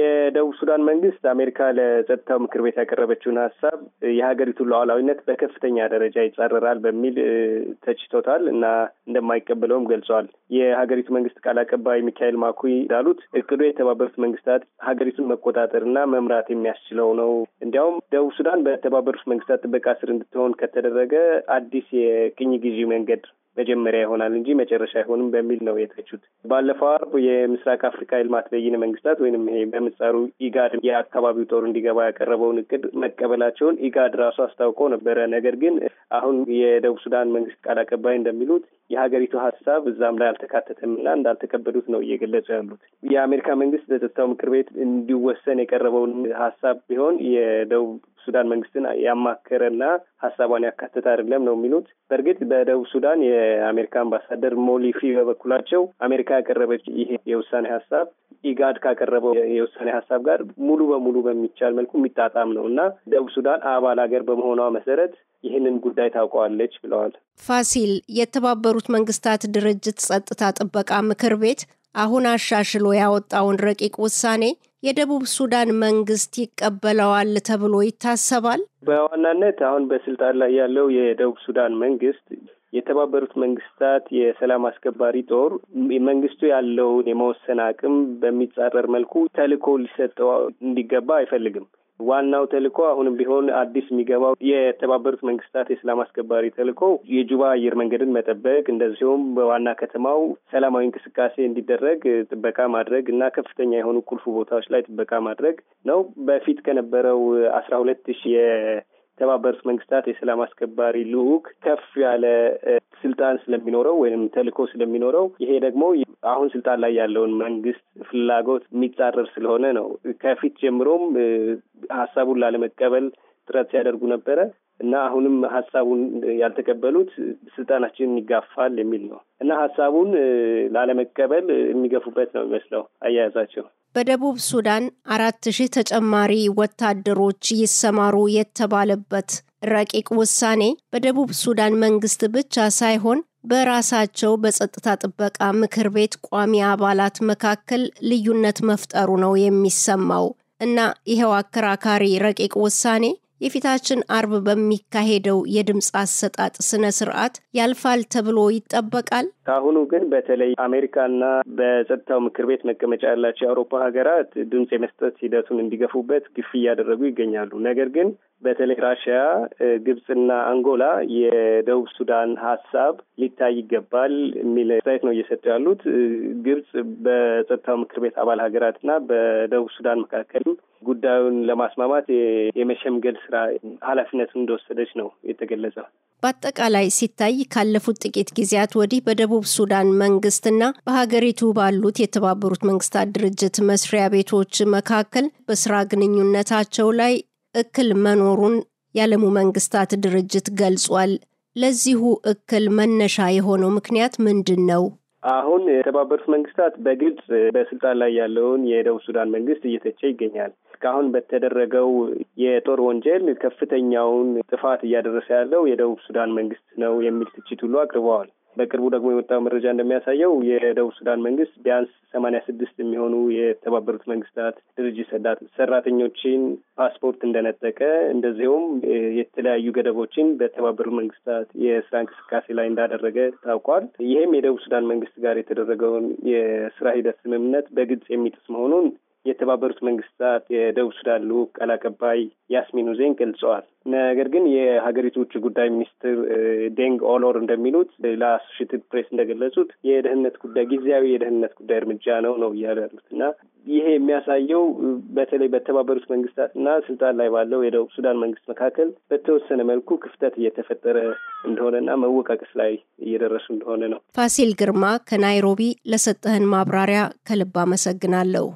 የደቡብ ሱዳን መንግስት አሜሪካ ለጸጥታው ምክር ቤት ያቀረበችውን ሀሳብ የሀገሪቱን ሉዓላዊነት በከፍተኛ ደረጃ ይጻረራል በሚል ተችቶታል እና እንደማይቀበለውም ገልጸዋል። የሀገሪቱ መንግስት ቃል አቀባይ ሚካኤል ማኩይ እንዳሉት እቅዱ የተባበሩት መንግስታት ሀገሪቱን መቆጣጠር እና መምራት የሚያስችለው ነው። እንዲያውም ደቡብ ሱዳን በተባበሩት መንግስታት ጥበቃ ስር እንድትሆን ከተደረገ አዲስ የቅኝ ጊዜ መንገድ መጀመሪያ ይሆናል እንጂ መጨረሻ አይሆንም በሚል ነው የተቹት። ባለፈው አርብ የምስራቅ አፍሪካ የልማት በይነ መንግስታት ወይም ይሄ በምጻሩ ኢጋድ የአካባቢው ጦር እንዲገባ ያቀረበውን እቅድ መቀበላቸውን ኢጋድ ራሱ አስታውቆ ነበረ። ነገር ግን አሁን የደቡብ ሱዳን መንግስት ቃል አቀባይ እንደሚሉት የሀገሪቱ ሀሳብ እዛም ላይ አልተካተተምና እንዳልተቀበሉት ነው እየገለጹ ያሉት። የአሜሪካ መንግስት ለጸጥታው ምክር ቤት እንዲወሰን የቀረበውን ሀሳብ ቢሆን የደቡብ ሱዳን መንግስትን ያማከረና ሀሳቧን ያካተተ አይደለም ነው የሚሉት። በእርግጥ በደቡብ ሱዳን የአሜሪካ አምባሳደር ሞሊፊ በበኩላቸው አሜሪካ ያቀረበች ይሄ የውሳኔ ሀሳብ ኢጋድ ካቀረበው የውሳኔ ሀሳብ ጋር ሙሉ በሙሉ በሚቻል መልኩ የሚጣጣም ነው እና ደቡብ ሱዳን አባል ሀገር በመሆኗ መሰረት ይህንን ጉዳይ ታውቀዋለች ብለዋል። ፋሲል የተባበሩት መንግስታት ድርጅት ጸጥታ ጥበቃ ምክር ቤት አሁን አሻሽሎ ያወጣውን ረቂቅ ውሳኔ የደቡብ ሱዳን መንግስት ይቀበለዋል ተብሎ ይታሰባል። በዋናነት አሁን በስልጣን ላይ ያለው የደቡብ ሱዳን መንግስት የተባበሩት መንግስታት የሰላም አስከባሪ ጦር መንግስቱ ያለውን የመወሰን አቅም በሚጻረር መልኩ ተልኮ ሊሰጠው እንዲገባ አይፈልግም። ዋናው ተልእኮ አሁንም ቢሆን አዲስ የሚገባው የተባበሩት መንግስታት የሰላም አስከባሪ ተልእኮ የጁባ አየር መንገድን መጠበቅ እንደዚሁም በዋና ከተማው ሰላማዊ እንቅስቃሴ እንዲደረግ ጥበቃ ማድረግ እና ከፍተኛ የሆኑ ቁልፉ ቦታዎች ላይ ጥበቃ ማድረግ ነው። በፊት ከነበረው አስራ ሁለት ሺህ የተባበሩት መንግስታት የሰላም አስከባሪ ልዑክ ከፍ ያለ ስልጣን ስለሚኖረው ወይም ተልእኮ ስለሚኖረው ይሄ ደግሞ አሁን ስልጣን ላይ ያለውን መንግስት ፍላጎት የሚጻረር ስለሆነ ነው። ከፊት ጀምሮም ሀሳቡን ላለመቀበል ጥረት ሲያደርጉ ነበረ እና አሁንም ሀሳቡን ያልተቀበሉት ስልጣናችን ይጋፋል የሚል ነው እና ሀሳቡን ላለመቀበል የሚገፉበት ነው የሚመስለው አያያዛቸው። በደቡብ ሱዳን አራት ሺህ ተጨማሪ ወታደሮች ይሰማሩ የተባለበት ረቂቅ ውሳኔ በደቡብ ሱዳን መንግስት ብቻ ሳይሆን በራሳቸው በጸጥታ ጥበቃ ምክር ቤት ቋሚ አባላት መካከል ልዩነት መፍጠሩ ነው የሚሰማው። እና ይኸው አከራካሪ ረቂቅ ውሳኔ የፊታችን አርብ በሚካሄደው የድምፅ አሰጣጥ ስነ ስርዓት ያልፋል ተብሎ ይጠበቃል። ከአሁኑ ግን በተለይ አሜሪካና በጸጥታው ምክር ቤት መቀመጫ ያላቸው የአውሮፓ ሀገራት ድምፅ የመስጠት ሂደቱን እንዲገፉበት ግፊ እያደረጉ ይገኛሉ። ነገር ግን በተለይ ራሽያ፣ ግብፅና አንጎላ የደቡብ ሱዳን ሀሳብ ሊታይ ይገባል የሚል አስተያየት ነው እየሰጡ ያሉት። ግብፅ በጸጥታው ምክር ቤት አባል ሀገራትና በደቡብ ሱዳን መካከልም ጉዳዩን ለማስማማት የመሸምገል ስራ ኃላፊነት እንደወሰደች ነው የተገለጸው። በአጠቃላይ ሲታይ ካለፉት ጥቂት ጊዜያት ወዲህ በደቡብ ሱዳን መንግስትና በሀገሪቱ ባሉት የተባበሩት መንግስታት ድርጅት መስሪያ ቤቶች መካከል በስራ ግንኙነታቸው ላይ እክል መኖሩን የዓለሙ መንግስታት ድርጅት ገልጿል። ለዚሁ እክል መነሻ የሆነው ምክንያት ምንድን ነው? አሁን የተባበሩት መንግስታት በግልጽ በስልጣን ላይ ያለውን የደቡብ ሱዳን መንግስት እየተቸ ይገኛል። እስካሁን በተደረገው የጦር ወንጀል ከፍተኛውን ጥፋት እያደረሰ ያለው የደቡብ ሱዳን መንግስት ነው የሚል ትችት ሁሉ አቅርበዋል። በቅርቡ ደግሞ የወጣው መረጃ እንደሚያሳየው የደቡብ ሱዳን መንግስት ቢያንስ ሰማኒያ ስድስት የሚሆኑ የተባበሩት መንግስታት ድርጅት ሰራተኞችን ፓስፖርት እንደነጠቀ እንደዚሁም የተለያዩ ገደቦችን በተባበሩት መንግስታት የስራ እንቅስቃሴ ላይ እንዳደረገ ታውቋል። ይህም የደቡብ ሱዳን መንግስት ጋር የተደረገውን የስራ ሂደት ስምምነት በግልጽ የሚጥስ መሆኑን የተባበሩት መንግስታት የደቡብ ሱዳን ልዑክ ቃል አቀባይ ያስሚን ሁዜን ገልጸዋል። ነገር ግን የሀገሪቱ ውጭ ጉዳይ ሚኒስትር ዴንግ ኦሎር እንደሚሉት ለአሶሽትድ ፕሬስ እንደገለጹት የደህንነት ጉዳይ ጊዜያዊ የደህንነት ጉዳይ እርምጃ ነው ነው እያሉ ያሉት እና ይሄ የሚያሳየው በተለይ በተባበሩት መንግስታት እና ስልጣን ላይ ባለው የደቡብ ሱዳን መንግስት መካከል በተወሰነ መልኩ ክፍተት እየተፈጠረ እንደሆነና መወቃቀስ ላይ እየደረሱ እንደሆነ ነው። ፋሲል ግርማ ከናይሮቢ ለሰጠህን ማብራሪያ ከልብ አመሰግናለሁ።